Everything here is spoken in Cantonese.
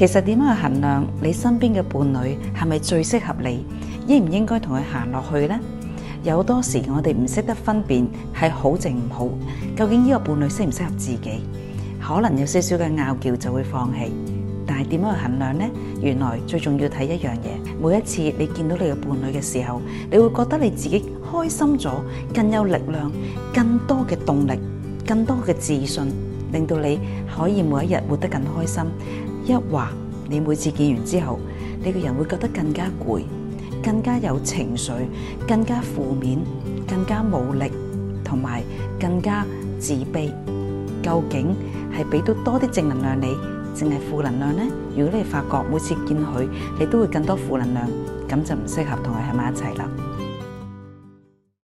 其實點樣去衡量你身邊嘅伴侶係咪最適合你，應唔應該同佢行落去呢？有多時我哋唔識得分辨係好定唔好，究竟呢個伴侶適唔適合自己？可能有少少嘅拗撬就會放棄。但係點樣去衡量呢？原來最重要睇一樣嘢，每一次你見到你嘅伴侶嘅時候，你會覺得你自己開心咗，更有力量，更多嘅動力，更多嘅自信，令到你可以每一日活得更開心。一話你每次見完之後，你個人會覺得更加攰，更加有情緒，更加負面，更加冇力，同埋更加自卑。究竟係俾到多啲正能量你，淨係負能量呢？如果你發覺每次見佢，你都會更多負能量，咁就唔適合同佢喺埋一齊啦。